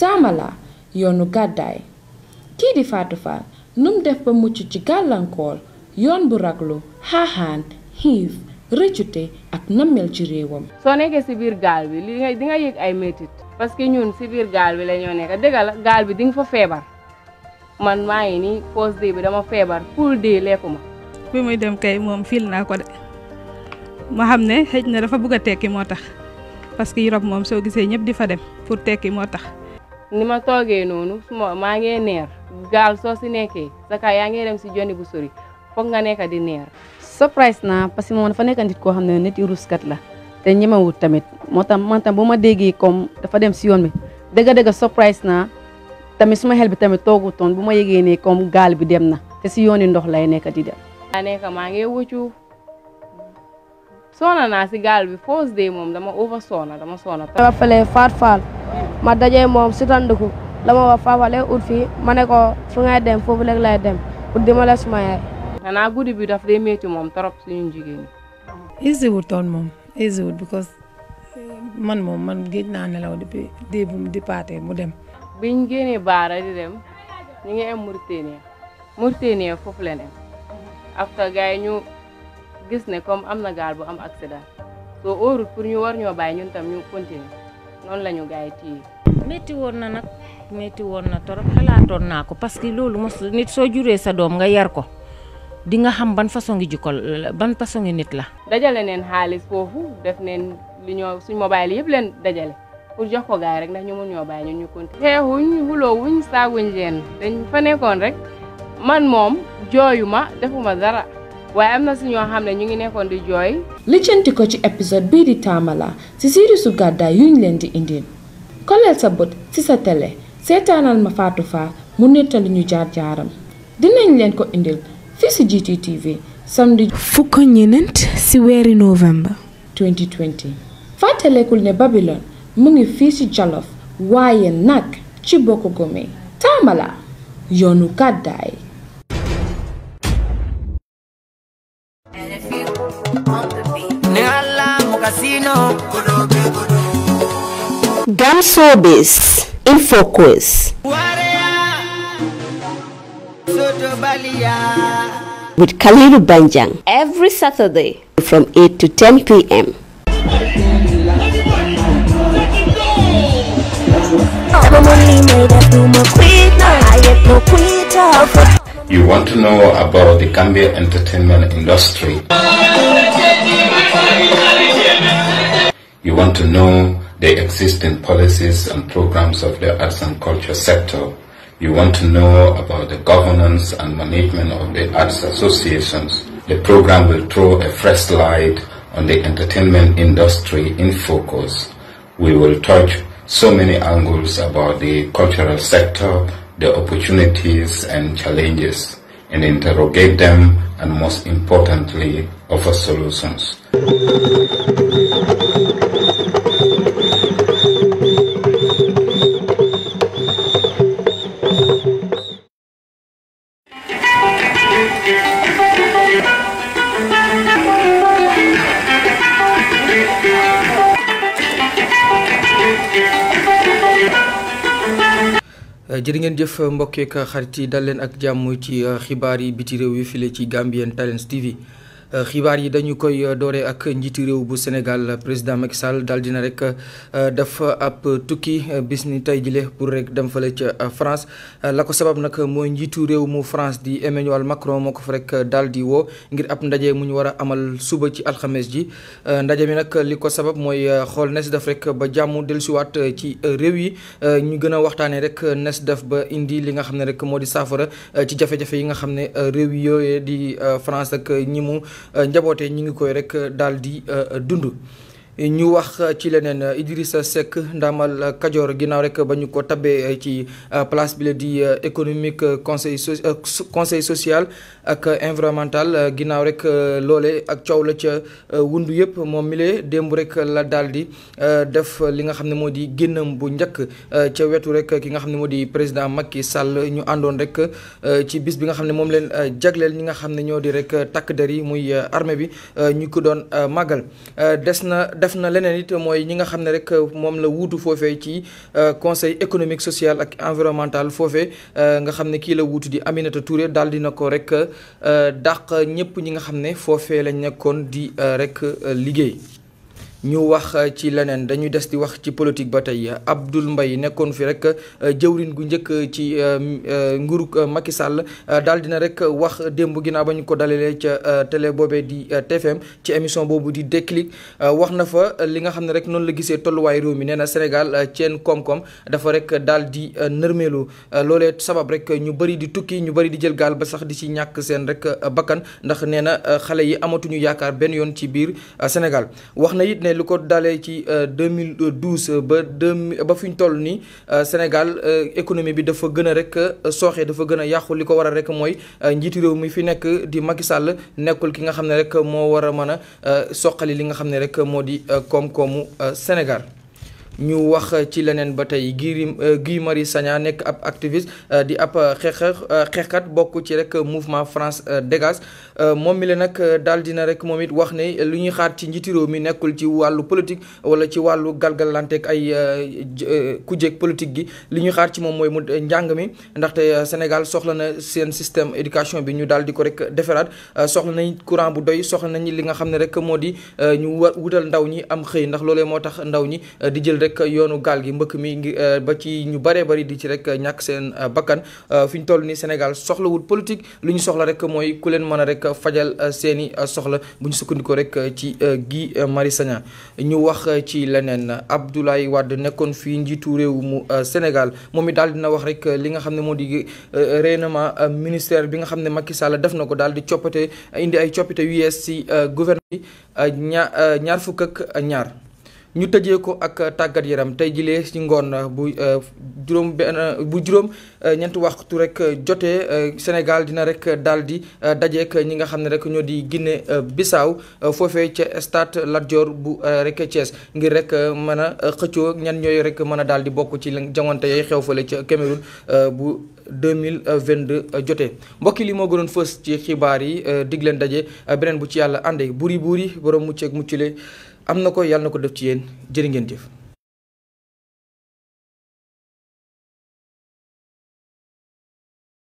taamala yoonu gàddaay kii di Fatou Fall num def ba mucc ci gàllankoor yoon bu raglu xaaxaan xiif rëccute ak nammel ci réewam. soo nekkee si biir gaal bi li di nga yëg ay métit parce que ñun si biir gaal bi la ñoo nekk dëgg gaal bi di nga fa feebar man maa ngi nii pause day bi dama feebar full day lekkuma. bi muy dem kay moom fiil naa ko de ma xam ne xëj na dafa bëgg a tekki moo tax parce que Europe moom soo gisee ñëpp di fa dem pour tekki moo tax. nima ma toogee nus suma ma ngee neer gal so si neke sa kaa yaa ngee dem si joni bu sori foog nga nekk di neer surprise na parce que moom dafa nekk nit ne nit yu ruskat la te ñemewut tamit moo tax man tam bu ma dafa dem si yoon bi surprise na, tamit suma helbi bi tamit toogutoon bu ma yëgee ne kom gal bi dem na te si yooni ndox lay nekk di dem daa neka ma ngee wuccu sona na si gaal bi foos de moom dama over soona dama sona ta fale far far. ma dajee moom si tanduku la ma wax faafale ut fii ma ne ko fu ngay dem foofu léegi lay dem pour dimbale suma yaay. xanaa guddi bi daf dee métti moom trop suñu jigéen ñi. easy wut toon moom easy wut because eh, man moom man géej naa nelaw depuis début di paatee mu dem. biñ génnee baara di dem ñu ngi am Mauritanie Mauritanie foofu la dem after yi ñu gis ne comme am na gaal bu am accident soo óorut pour ñu war ñoo bàyyi ñun tam ñu continuer noonu la ñu gars yi métti woon na nag métti woon na torop xalaatoon naa ko parce que loolu mos nit soo juree sa doom nga yar ko di nga xam ban façon ngi jikko ban façon ngi nit la. dajale neen xaalis foofu def neen li ñoo suñ mobile yëpp leen dajale pour jox ko gaay rek ndax ñu mun ñoo bàyyi ñun ñu continué. xeexuñ xuloowuñ saaguñ leen dañ fa nekkoon rek man moom jooyuma ma defuma dara. waaye am na si ñoo xam ne ñu ngi nekkoon di jooy. lijjanti ko ci épisode bii di Tamala si série su gàddaay yuñ leen di indil. koleel sa bët ci sa télé seetaanal ma Fatou Fall mu nettali ñu jaar-jaaram dinañ leen ko indil fii ci GTTV samedi. fukk ñenent ci weeri novembre. 2020 fàttalekul ne Babylone mu ngi fii ci Jolof waaye nag ci bokk gome taamala yoonu gàddaay. ne Gamsobis in focus. With Kalilu Banjang every Saturday from 8 to 10 p.m. You want to know about the Gambia entertainment industry? You want to know the existing policies and programs of the arts and culture sector. You want to know about the governance and management of the arts associations. The program will throw a fresh light on the entertainment industry in focus. We will touch so many angles about the cultural sector, the opportunities and challenges, and interrogate them and most importantly, offer solutions. Euh, jërë ngeen jëf mbokk yeeg xarit yi dal leen ak jàmm ci euh, xibaar yi biti réew yi file ci Gambian Talents TV. xibaar yi dañu koy doore ak njiitu réew bu Sénégal président Macky Sall daal dina rek euh, def ab tukki bis ni tey jile pour rek dem fale ca euh, France la ko sabab nag mooy njiitu réew mu France di Emmanuel Macron moo ko fa rek daal di woo ngir ab ndaje mu ñu war a amal suba ci alxames ji euh, ndaje bi nag li ko sabab mooy xool nes def rek ba jàmm dellusiwaat ci réew yi ñu gën a waxtaanee rek nes def ba indi li nga xam ne rek moo di saafara ci jafe-jafe yi nga xam ne réew yooyee di France ak njaboote ñu ngi koy rek daal di euh, dund. ñu wax ci leneen Idrissa Seck ndaamal Kajoor ginnaaw rek ba ñu ko tabee ci euh, place bi la di euh, économique euh, conseil conseil social ak environnemental ginnaaw rek loole ak coow la ca wundu yëpp moom mi démb rek la daal di def li nga xam ne moo di génnam bu njëkk ca wetu rek ki nga xam ne moo di président mag Macky Sall ñu àndoon rek ci bis bi nga xam ne moom leen jagleel ñi nga xam ne ñoo di rek takk der yi muy armée bi ñu ko doon màggal des na. def na leneen it mooy ñi nga xam ne rek moom la wutu foofee ci euh, conseil économique social ak environnemental foofee euh, nga xam ne kii la wuutu di Aminata Touré daal dina ko rek euh, dàq ñëpp ñi nga xam ne foofee lañ nekkoon di rek liggéey. ñu wax euh, ci leneen dañuy des di wax ci politique ba tey abdoul mbay nekkoon fi rek euh, jëwrin gu njëkk euh, ci nguru Macky Sall daal dina rek wax démb ginaaw ba ko dalalee télé di TFM ci émission boobu di déclic wax na fa li nga xam ne rek noonu la gisee tolluwaay réew mi Sénégal dafa rek di nermelo loolee sabab rek ñu bëri di tukki ñu bëri di jël gaal ba sax di ci ñàkk seen rek bakkan ndax nee na xale yi amatuñu yaakaar benn ci Sénégal wax na ne li ko dalee ci 2012 euh, euh, ba deux ba fi ñu toll nii euh, Sénégal économie bi dafa gën a rek sooxe dafa gën a yàqu li ko war a rek mooy njiitu réew mi fi nekk di Macky Sall nekkul ki nga xam ne rek moo war a mën a soqali li nga xam ne rek moo di koom-koomu Sénégal. ñu wax ci leneen ba tey Guy euh, Guy mari sañaa nekk ab activiste euh, di ab xeex euh, xeexkat bokk ci rek mouvement France dégage moom mi la nag daal dina rek moom it wax na lu ñuy xaar ci njiiti réew mi nekkul ci wàllu politique wala ci wàllu galgalanteeg ay kujeeg politique gi li ñuy xaar ci moom mooy mu njàng mi ndaxte Sénégal soxla na seen système éducation bi ñu daal di ko rek defaraat soxla nañ courant bu doy soxla nañ li nga xam ne rek moo di ñu wutal ndaw ñi am xëy ndax loolee moo tax ndaw ñi di jël rek yoonu gaal gi mbëkk mi ngi euh, ba ci ñu baree bari di ci rek ñàkk seen euh, bakkan euh, fi ñu toll nii Sénégal soxlawul politique li ñu soxla rek mooy ku leen mën a rek fajal seen i soxla bu ñu sukkandikoo rek ci gi Marius Sagna ñu wax ci leneen Abdoulaye Wade nekkoon fii njiitu réew mu Sénégal moom i daal dina wax rek li nga xam ne moo di réellement ministère bi nga xam ne Macky Sall def na ko daal di coppite indi ay coppite yu yees ci gouvernement bi ñaar ñaar fukk ak ñaar ñu tëjee ko ak tàggat yaram tey jilee ci ngoon bu euh, juróom benn bu juróom euh, ñeenti waxtu rek jotee euh, Sénégal dina rek daal di dajeek ñi nga xam ne rek ñoo di Guinée Bissau foofee ca stade Lat Dior bu rek Thiès ngir rek mën a xëccoo ñan ñooy rek mën a daal di bokk ci jongante yooyu xew fale ca Cameroun bu mille 2022 jotee mbokki li moo gënoon fës ci xibaar yi dig leen daje beneen bu ci yàlla àndee buri buri borom mucceek muccule am na ko yal na ko def ci yéen jërë ngeen jëf